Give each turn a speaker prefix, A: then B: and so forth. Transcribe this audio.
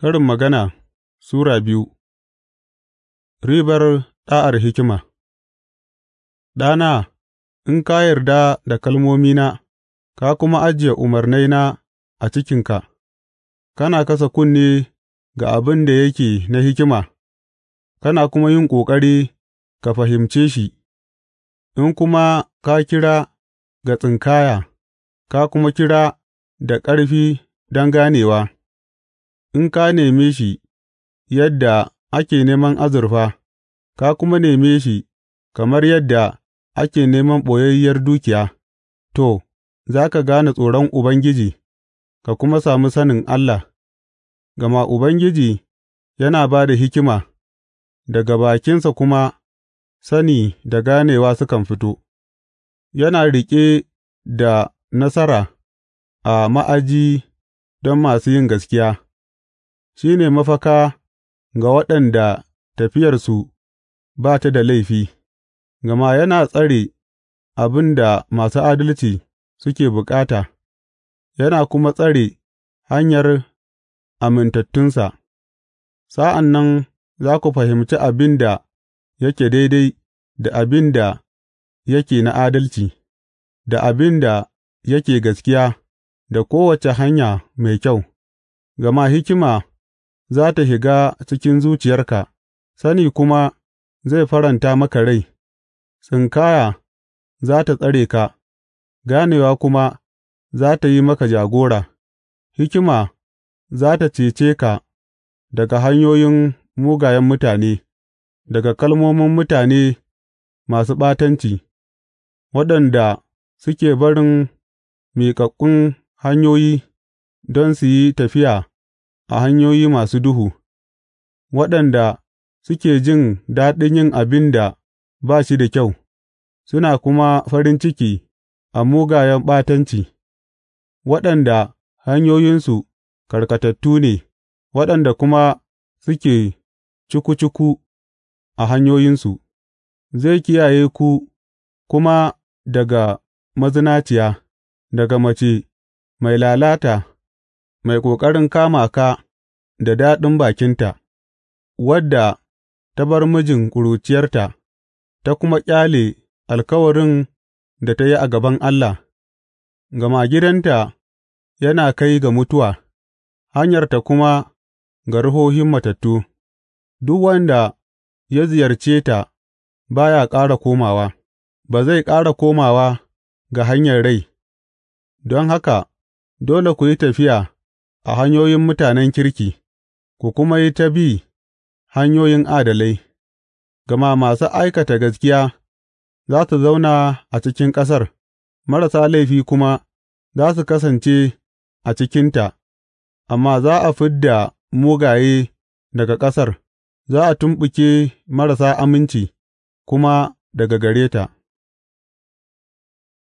A: Karin Magana Sura biyu Ribar ɗa'ar hikima Ɗana, in ka yarda da kalmomina, ka kuma ajiye umarnaina a cikinka, kana kasa kunne ga abin da yake na hikima, kana kuma yin ƙoƙari ka fahimce shi, in kuma ka kira ga tsinkaya, ka kuma kira da ƙarfi don ganewa. in ka neme shi yadda ake neman azurfa, ka kuma neme shi kamar yadda ake neman ɓoyayyiyar dukiya, to, za ka gane tsoron Ubangiji ka kuma sami sanin Allah, gama Ubangiji yana ba da hikima, daga bakinsa kuma sani da ganewa sukan fito, yana riƙe da nasara a ma'aji don masu yin gaskiya. shi ne mafaka ga waɗanda tafiyarsu ba ta da laifi, gama yana tsare abin da masu adalci suke bukata yana kuma tsare hanyar amintattunsa, sa'an nan za ku fahimci abin da yake daidai da abin da yake na adalci, da abin da yake gaskiya, da kowace hanya mai kyau, gama hikima za tă shiga cikin zuciyarka, sani kuma zai faranta maka rai, tsinkaya za ta tsare ka, ganewa kuma za ta yi maka jagora, hikima za ta cece ka daga hanyoyin mugayen mutane, daga kalmomin mutane masu ɓatanci, waɗanda suke barin miƙaƙƙun hanyoyi don su yi tafiya. a hanyoyi masu duhu, waɗanda suke jin daɗin yin abin da ba shi da kyau, suna kuma farin ciki a mugayen ɓatanci, waɗanda hanyoyinsu karkatattu ne, waɗanda kuma suke cuku-cuku a hanyoyinsu, zai kiyaye ku kuma daga mazinaciya, daga mace mai lalata. mai ƙoƙarin kama ka da daɗin bakinta, wadda ta bar mijin ƙuruciyarta, ta kuma ƙyale alkawarin da ta yi a gaban Allah, gama gidanta yana kai ga mutuwa, hanyarta kuma ga ruhohin matattu, duk wanda ya ziyarce ta ba ya ƙara komawa, ba zai ƙara komawa ga hanyar rai, don haka dole ku yi tafiya a hanyoyin mutanen kirki, ku kuma yi ta bi hanyoyin adalai, gama masu aikata gaskiya za su zauna a cikin ƙasar, marasa laifi kuma za su kasance a cikinta, amma za a fid da mugaye daga ƙasar, za a tumɓuke marasa aminci kuma daga gare ta.